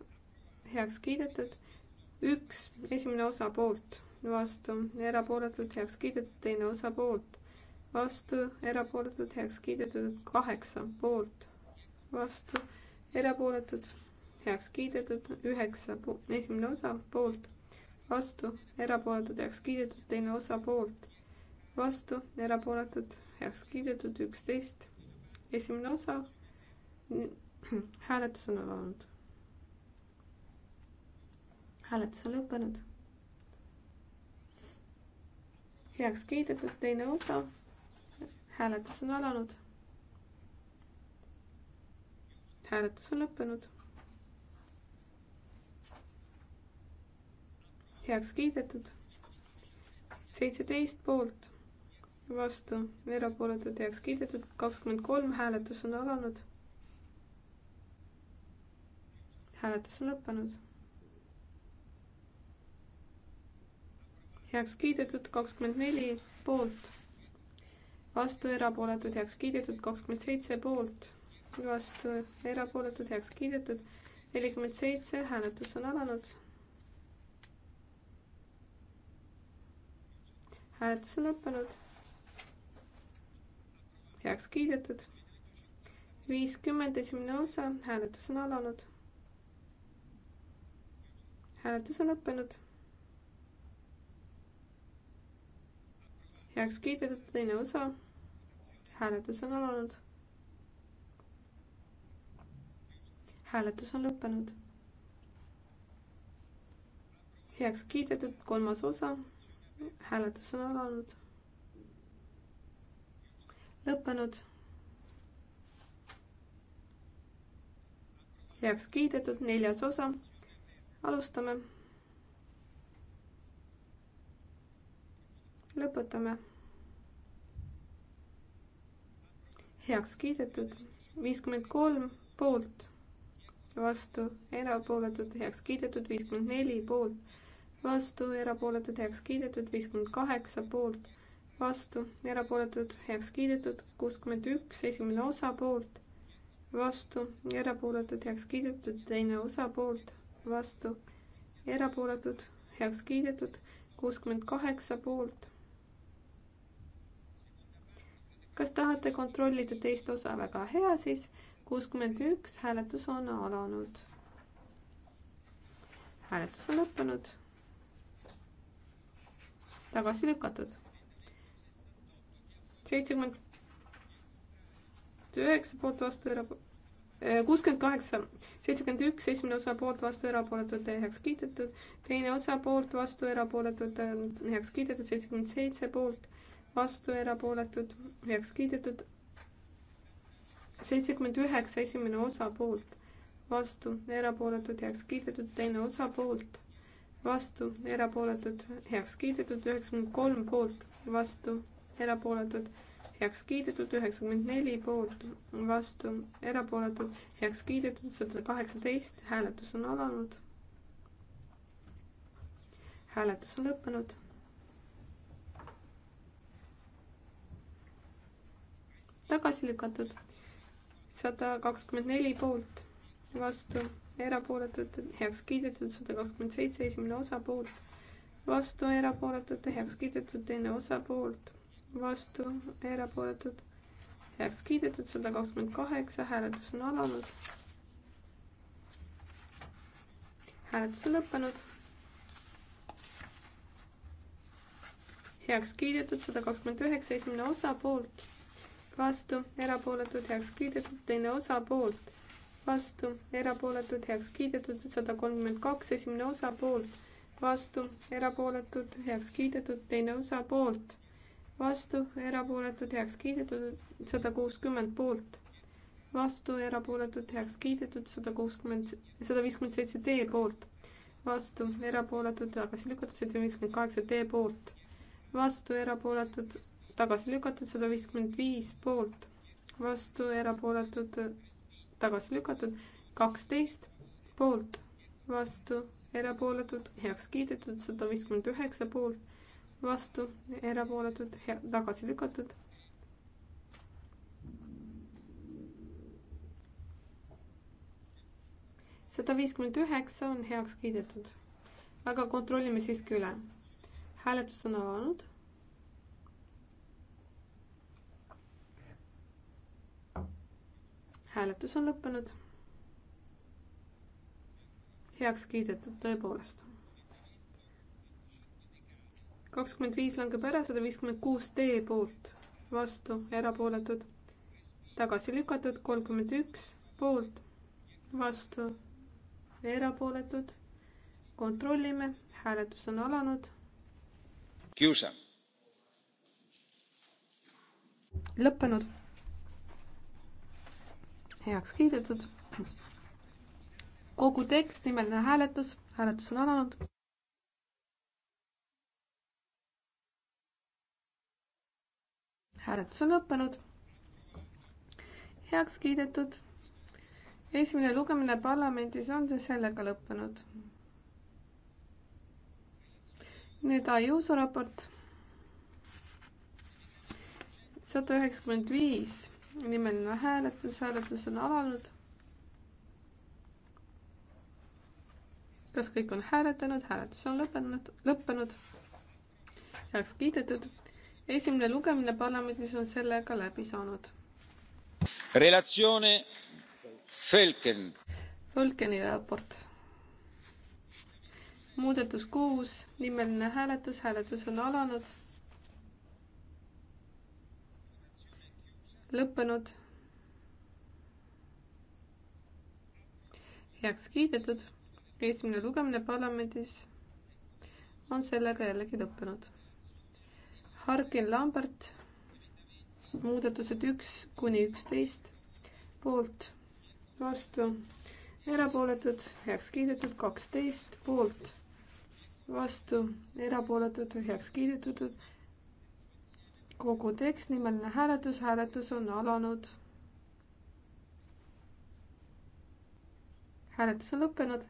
heaks kiidetud, üks, esimene osa poolt, vastu, erapooletud, heaks kiidetud, teine osa poolt, vastu, erapooletud, heaks kiidetud, kaheksa poolt, vastu erapooletud, heaks kiidetud, üheksa, esimene osa poolt, vastu, erapooletud, heaks kiidetud, teine osa poolt, vastu, erapooletud, heaks kiidetud, üksteist, esimene osa. hääletus on alanud. hääletus on lõppenud. heaks kiidetud, teine osa. hääletus on alanud hääletus on lõppenud. heaks kiidetud. seitseteist poolt, vastu, erapooletud, heaks kiidetud, kakskümmend kolm, hääletus on alanud. hääletus on lõppenud. heaks kiidetud, kakskümmend neli poolt, vastu, erapooletud, heaks kiidetud, kakskümmend seitse poolt vastu, erapooletud, heaks kiidetud. nelikümmend seitse, hääletus on alanud. hääletus on lõppenud. heaks kiidetud. viiskümmend esimene osa, hääletus on alanud. hääletus on lõppenud heaks kiidetud teine osa. hääletus on alanud. hääletus on lõppenud. heaks kiidetud kolmas osa. hääletus on alanud. lõppenud. heaks kiidetud neljas osa. alustame. lõpetame. heaks kiidetud viiskümmend kolm poolt vastu, erapooletud, heaks kiidetud, viiskümmend neli poolt, vastu, erapooletud, heaks kiidetud, viiskümmend kaheksa poolt, vastu, erapooletud, heaks kiidetud, kuuskümmend üks, esimene osa poolt, vastu, erapooletud, heaks kiidetud, teine osa poolt, vastu, erapooletud, heaks kiidetud, kuuskümmend kaheksa poolt. kas tahate kontrollida teist osa, väga hea, siis kuuskümmend üks, hääletus on alanud. hääletus on lõppenud. tagasi lükatud. seitsekümmend üheksa poolt vastu, äh, kuuskümmend kaheksa, seitsekümmend üks, esimene osa poolt vastu, erapooletud, heaks kiidetud, teine osa poolt vastu, erapooletud, äh, heaks kiidetud, seitsekümmend seitse poolt vastu, erapooletud, heaks kiidetud, seitsekümmend üheksa esimene osa poolt, vastu, erapooletud, heaks kiidetud, teine osa poolt, vastu, erapooletud, heaks kiidetud, üheksakümmend kolm poolt, vastu, erapooletud, heaks kiidetud, üheksakümmend neli poolt, vastu, erapooletud, heaks kiidetud, sada kaheksateist, hääletus on alanud. hääletus on lõppenud tagasi lükatud sada kakskümmend neli poolt, vastu, erapooletud, heaks kiidetud, sada kakskümmend seitse, esimene osa poolt, vastu, erapooletud, heaks kiidetud, teine osa poolt, vastu, erapooletud, heaks kiidetud, sada kakskümmend kaheksa, hääletus on alanud. hääletus on lõppenud. heaks kiidetud, sada kakskümmend üheksa, esimene osa poolt vastu, erapooletud, heaks kiidetud, teine osa poolt, vastu, erapooletud, heaks kiidetud, sada kolmkümmend kaks, esimene osa poolt, vastu, erapooletud, heaks kiidetud, teine osa poolt, vastu, erapooletud, heaks kiidetud, sada kuuskümmend poolt, vastu, erapooletud, heaks kiidetud, sada kuuskümmend, sada viiskümmend seitse D poolt, vastu, erapooletud, tagasi lükatud, seitse viiskümmend kaheksa D poolt, vastu, erapooletud tagasi lükatud sada viiskümmend viis poolt, vastu erapooletud, tagasi lükatud kaksteist poolt, vastu erapooletud, heaks kiidetud sada viiskümmend üheksa poolt, vastu erapooletud, tagasi lükatud sada viiskümmend üheksa on heaks kiidetud. aga kontrollime siiski üle. hääletus on alanud hääletus on lõppenud. heaks kiidetud tõepoolest. kakskümmend viis langeb ära, sada viiskümmend kuus D poolt, vastu, erapooletud, tagasi lükatud, kolmkümmend üks poolt, vastu, erapooletud. kontrollime, hääletus on alanud. lõppenud heaks kiidetud. kogu tekst, nimeline hääletus, hääletus on alanud. hääletus on lõppenud. heaks kiidetud. esimene lugemine parlamendis on siis sellega lõppenud. nüüd Ajuso raport. sada üheksakümmend viis nimeline hääletus, hääletus on alanud. kas kõik on hääletanud, hääletus on lõppenud, lõppenud. heaks kiidetud. esimene lugemine parlamendis on sellega läbi saanud. Relatsioone Fölken. Fölkeni raport. muudatus kuus, nimeline hääletus, hääletus on alanud lõppenud. heaks kiidetud, esimene lugemine parlamendis on sellega jällegi lõppenud. Harkin Lambert, muudatused üks kuni üksteist, poolt, vastu, erapooletud, heaks kiidetud, kaksteist, poolt, vastu, erapooletud, heaks kiidetud kogu tekst, nimeline hääletus, hääletus on alanud. hääletus on lõppenud.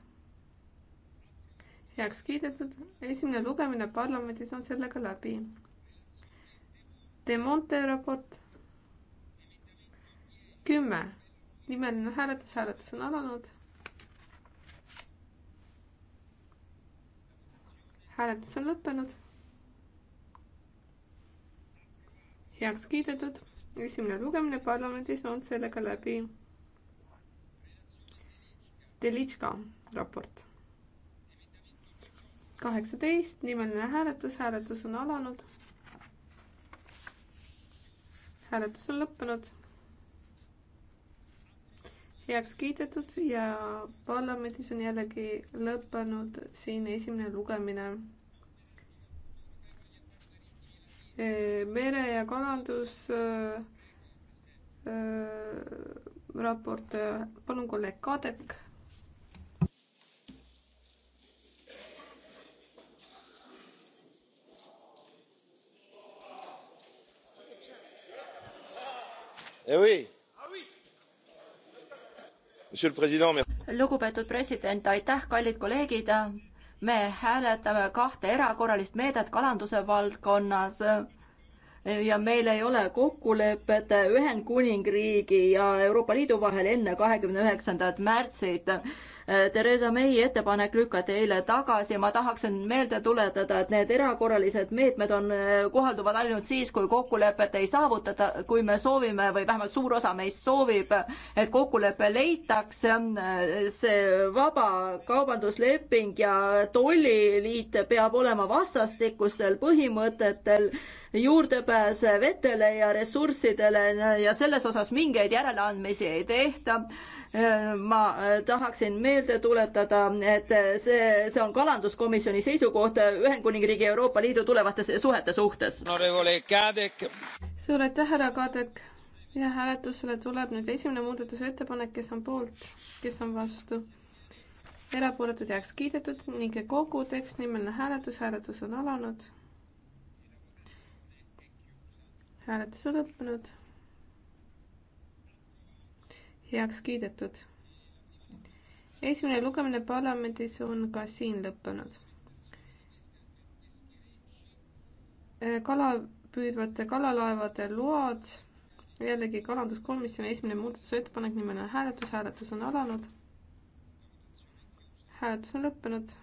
heaks kiidetud, esimene lugemine parlamendis on sellega läbi. De Monte raport kümme, nimeline hääletus, hääletus on alanud. hääletus on lõppenud heaks kiidetud. esimene lugemine parlamendis on sellega läbi. Delitška raport. kaheksateist, nimeline hääletus, hääletus on alanud. hääletus on lõppenud. heaks kiidetud ja parlamendis on jällegi lõppenud siin esimene lugemine mere- ja kalandusraport, äh, äh, palun kolleeg Kadek. Eh lugupeetud president, aitäh, kallid kolleegid me hääletame kahte erakorralist meedet kalanduse valdkonnas ja meil ei ole kokkulepet Ühendkuningriigi ja Euroopa Liidu vahel enne kahekümne üheksandat märtsit. Eh, Theresa May ettepanek lükati eile tagasi, ma tahaksin meelde tuletada, et need erakorralised meetmed on, eh, kohalduvad ainult siis, kui kokkulepet ei saavutata, kui me soovime või vähemalt suur osa meist soovib, et kokkulepe leitakse, eh, see vabakaubandusleping ja tolliliit peab olema vastastikustel põhimõtetel juurdepääs vetele ja ressurssidele ja selles osas mingeid järeleandmisi ei tehta ma äh, tahaksin meelde tuletada, et äh, see, see on kalanduskomisjoni seisukoht äh, Ühendkuningriigi Euroopa Liidu tulevaste suhete suhtes. suur aitäh, härra Kadek ja hääletusele tuleb nüüd esimene muudatusettepanek, kes on poolt, kes on vastu. erapooletud heaks kiidetud ning kogu tekst nimeline hääletus, hääletus on alanud. hääletus on lõppenud heaks kiidetud. esimene lugemine parlamendis on ka siin lõppenud. kala püüdvate kalalaevade load, jällegi kalanduskomisjoni esimene muudatusettepanek, nimeline hääletus, hääletus on alanud. hääletus on lõppenud.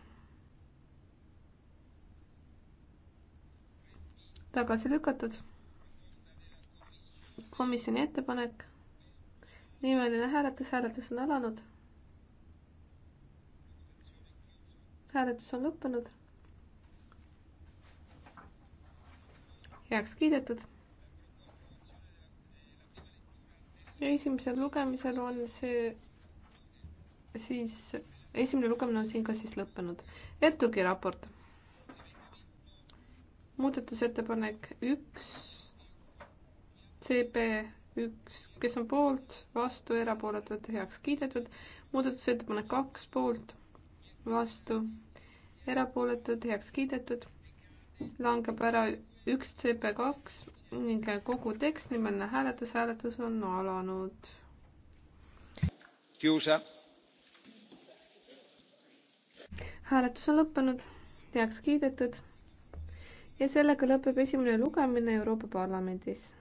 tagasi lükatud. komisjoni ettepanek nimeline hääletus, hääletus on alanud. hääletus on lõppenud. heaks kiidetud. esimesel lugemisel on see siis, esimene lugemine on siin ka siis lõppenud. Ertugi raport. muudatusettepanek üks CB üks, kes on poolt, vastu, erapooletud, heaks kiidetud. muudatusettepanek kaks poolt, vastu, erapooletud, heaks kiidetud. langeb ära üks CP2 ning kogu tekst, nimeline hääletus, hääletus on alanud. Kiusa. hääletus on lõppenud, heaks kiidetud. ja sellega lõpeb esimene lugemine Euroopa Parlamendis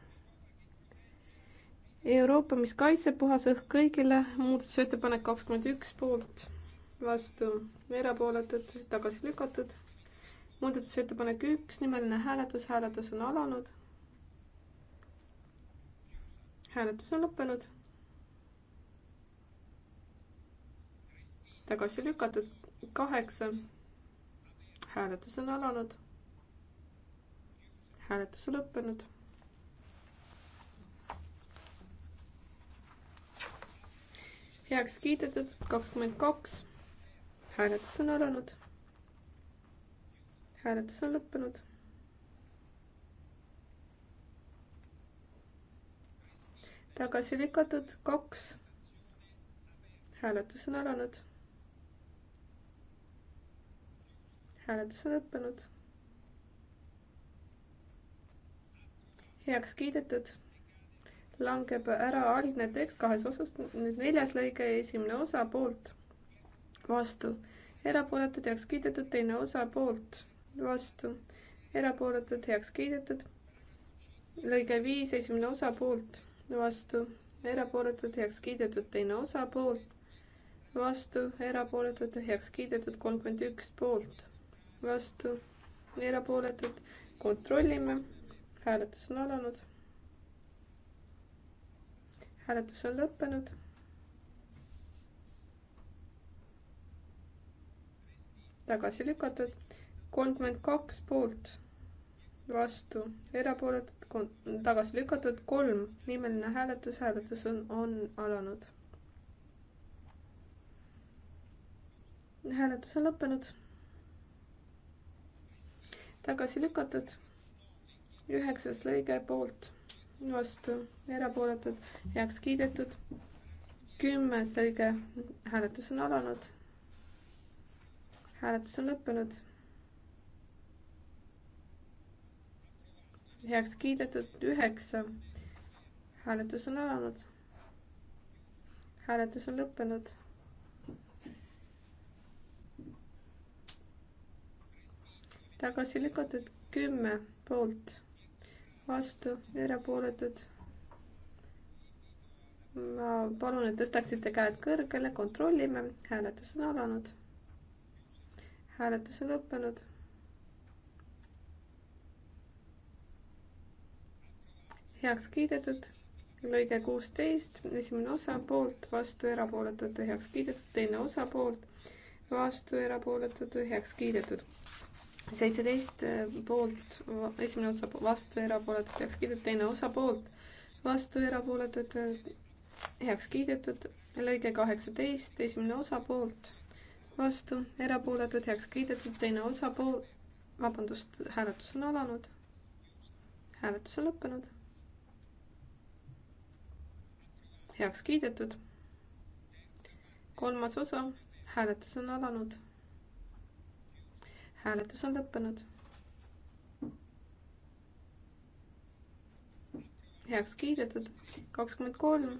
Euroopa, mis kaitseb puhas õhk kõigile, muudatusettepanek kakskümmend üks poolt, vastu erapooletud, tagasi lükatud. muudatusettepanek üks, nimeline hääletus, hääletus on alanud. hääletus on lõppenud. tagasi lükatud kaheksa. hääletus on alanud. hääletus on lõppenud heaks kiidetud, kakskümmend kaks. hääletus on alanud. hääletus on lõppenud. tagasi lükatud kaks. hääletus on alanud. hääletus on lõppenud. heaks kiidetud langeb ära algne tekst kahes osas, nüüd neljas lõige ja esimene osa poolt, vastu, erapooletud, heaks kiidetud, teine osa poolt, vastu, erapooletud, heaks kiidetud, lõige viis, esimene osa poolt, vastu, erapooletud, heaks kiidetud, teine osa poolt, vastu, erapooletud, heaks kiidetud, kolmkümmend üks poolt, vastu, erapooletud, kontrollime, hääletus on alanud hääletus on lõppenud. tagasi lükatud, kolmkümmend kaks poolt, vastu, erapooletud, tagasi lükatud, kolm, nimeline hääletus, hääletus on, on alanud. hääletus on lõppenud tagasi lükatud. üheksas lõige poolt, vastu, erapooletud, heaks kiidetud. kümme selge, hääletus on alanud. hääletus on lõppenud. heaks kiidetud üheksa, hääletus on alanud. hääletus on lõppenud. tagasi lükatud kümme poolt vastu, erapooletud. ma palun, et tõstaksite käed kõrgele, kontrollime, hääletus on alanud. hääletus on lõppenud. heaks kiidetud lõige kuusteist, esimene osa poolt, vastu erapooletud, heaks kiidetud, teine osa poolt, vastu erapooletud, heaks kiidetud seitseteist äh, poolt, esimene osa vastu, erapooletud heaks kiidetud, teine osa poolt, vastu, erapooletud äh, heaks kiidetud, lõige kaheksateist, esimene osa poolt, vastu, erapooletud heaks kiidetud, teine osa poolt, vabandust, hääletus on alanud. hääletus on lõppenud. heaks kiidetud. kolmas osa, hääletus on alanud hääletus on lõppenud. heaks kiidetud kakskümmend kolm,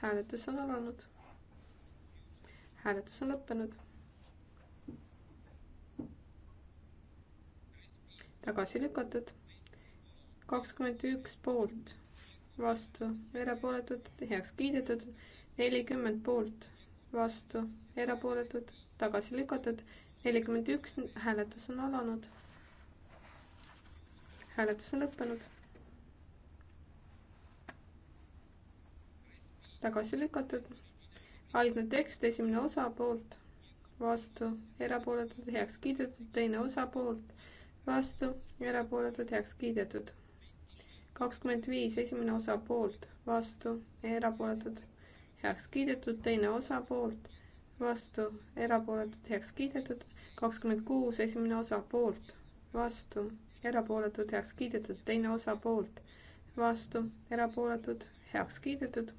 hääletus on alanud. hääletus on lõppenud. tagasi lükatud kakskümmend üks poolt, vastu, erapooletud, heaks kiidetud, nelikümmend poolt, vastu, erapooletud, tagasi lükatud nelikümmend üks, hääletus on alanud. hääletus on lõppenud. tagasi lükatud. algne tekst, esimene osa poolt, vastu, erapooletud, heaks kiidetud, teine osa poolt, vastu, erapooletud, heaks kiidetud. kakskümmend viis, esimene osa poolt, vastu, erapooletud, heaks kiidetud, teine osa poolt vastu, erapooletud heaks kiidetud, kakskümmend kuus, esimene osa poolt, vastu, erapooletud heaks kiidetud, teine osa poolt, vastu, erapooletud heaks kiidetud,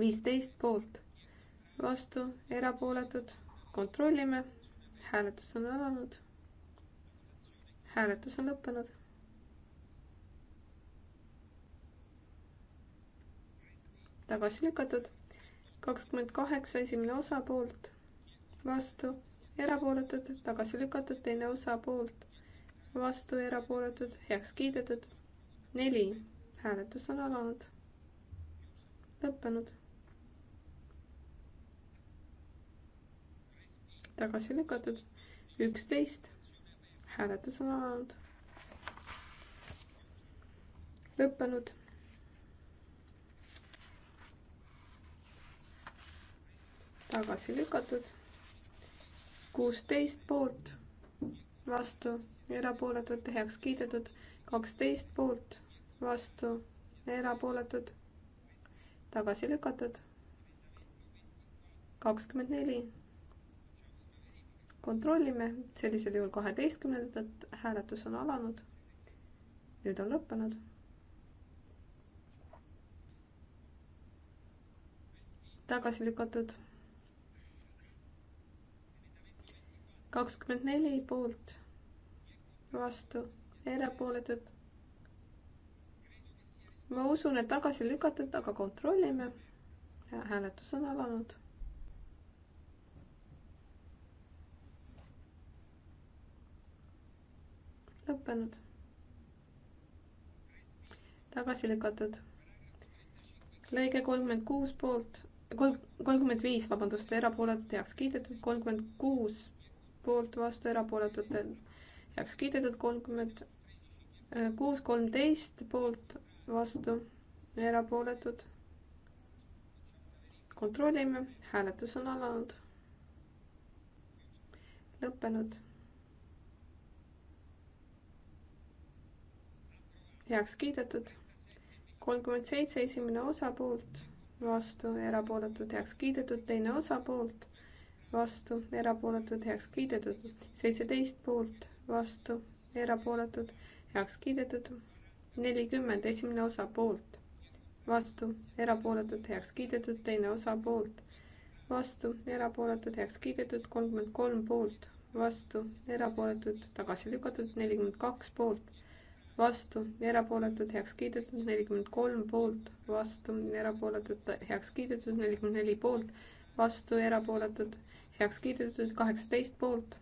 viisteist poolt, vastu, erapooletud, kontrollime, hääletus on alanud, hääletus on lõppenud. tagasi lükatud kakskümmend kaheksa, esimene osa poolt, vastu, erapooletud, tagasi lükatud, teine osa poolt, vastu, erapooletud, heaks kiidetud. neli, hääletus on alanud, lõppenud. tagasi lükatud, üksteist, hääletus on alanud, lõppenud tagasi lükatud. kuusteist poolt, vastu, erapooletud, heaks kiidetud. kaksteist poolt, vastu, erapooletud, tagasi lükatud. kakskümmend neli. kontrollime, sellisel juhul kaheteistkümnendat, hääletus on alanud. nüüd on lõppenud tagasi lükatud. kakskümmend neli poolt, vastu, erapooletud. ma usun, et tagasi lükatud, aga kontrollime. hääletus on alanud. lõppenud. tagasi lükatud. lõige kolmkümmend kuus poolt, kolm, kolmkümmend viis, vabandust, erapooletud heaks kiidetud, kolmkümmend kuus poolt, vastu, erapooletud, heaks kiidetud, kolmkümmend eh, kuus, kolmteist poolt, vastu, erapooletud. kontrollime, hääletus on alanud. lõppenud. heaks kiidetud, kolmkümmend seitse, esimene osapoolt, vastu, erapooletud, heaks kiidetud, teine osapoolt vastu, erapooletud, heaks kiidetud, seitseteist poolt, vastu, erapooletud, heaks kiidetud, nelikümmend, esimene osa poolt, vastu, erapooletud, heaks kiidetud, teine osa poolt, vastu, erapooletud, heaks kiidetud, kolmkümmend kolm poolt, vastu, erapooletud, tagasi lükatud, nelikümmend kaks poolt vastu, erapooletud, heaks kiidetud, nelikümmend kolm poolt, vastu, erapooletud, heaks kiidetud, nelikümmend neli poolt, vastu, erapooletud, heaks kiidetud, kaheksateist poolt,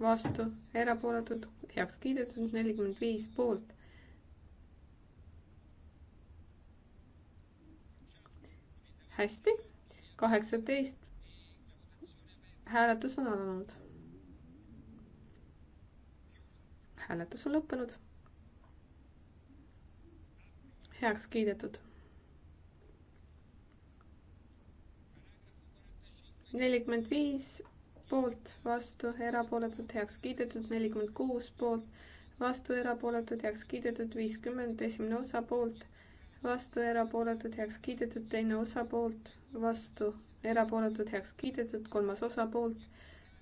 vastu, erapooletud, heaks kiidetud, nelikümmend viis poolt. hästi, kaheksateist. hääletus on alanud. hääletus on lõppenud. heaks kiidetud nelikümmend viis poolt, vastu, erapooletud, heaks kiidetud, nelikümmend kuus poolt, vastu, erapooletud, heaks kiidetud, viiskümmend, esimene osa poolt, vastu, erapooletud, heaks kiidetud, teine osa poolt, vastu, erapooletud, heaks kiidetud, kolmas osa poolt,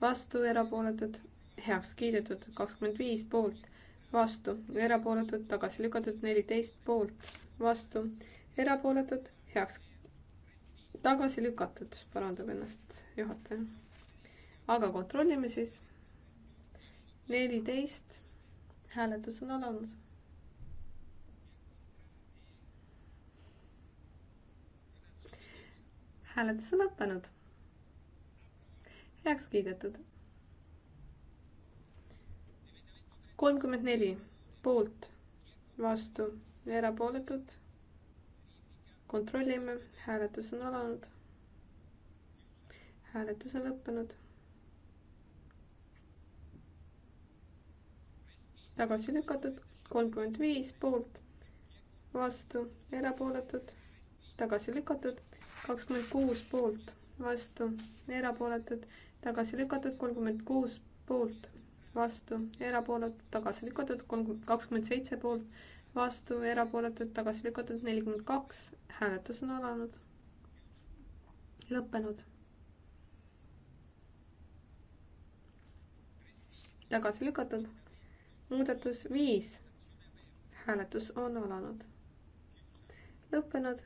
vastu, erapooletud, heaks kiidetud, kakskümmend viis poolt, vastu, erapooletud, tagasi lükatud, neliteist poolt, vastu, erapooletud, heaks tagasi lükatud, parandab ennast juhataja. aga kontrollime siis. neliteist, hääletus on alanud. hääletus on lõppenud. heaks kiidetud. kolmkümmend neli poolt, vastu, erapooletud kontrollime, hääletus on alanud. hääletus on lõppenud. tagasi lükatud, kolmkümmend viis poolt, vastu, erapooletud, tagasi lükatud, kakskümmend kuus poolt, vastu, erapooletud, tagasi lükatud, kolmkümmend kuus poolt, vastu, erapooletud, tagasi lükatud, kolm, kakskümmend seitse poolt vastu, erapooletud, tagasi lükatud, nelikümmend kaks, hääletus on alanud, lõppenud. tagasi lükatud, muudatus viis, hääletus on alanud, lõppenud.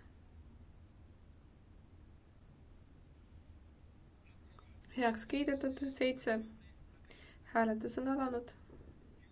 heaks kiidetud, seitse, hääletus on alanud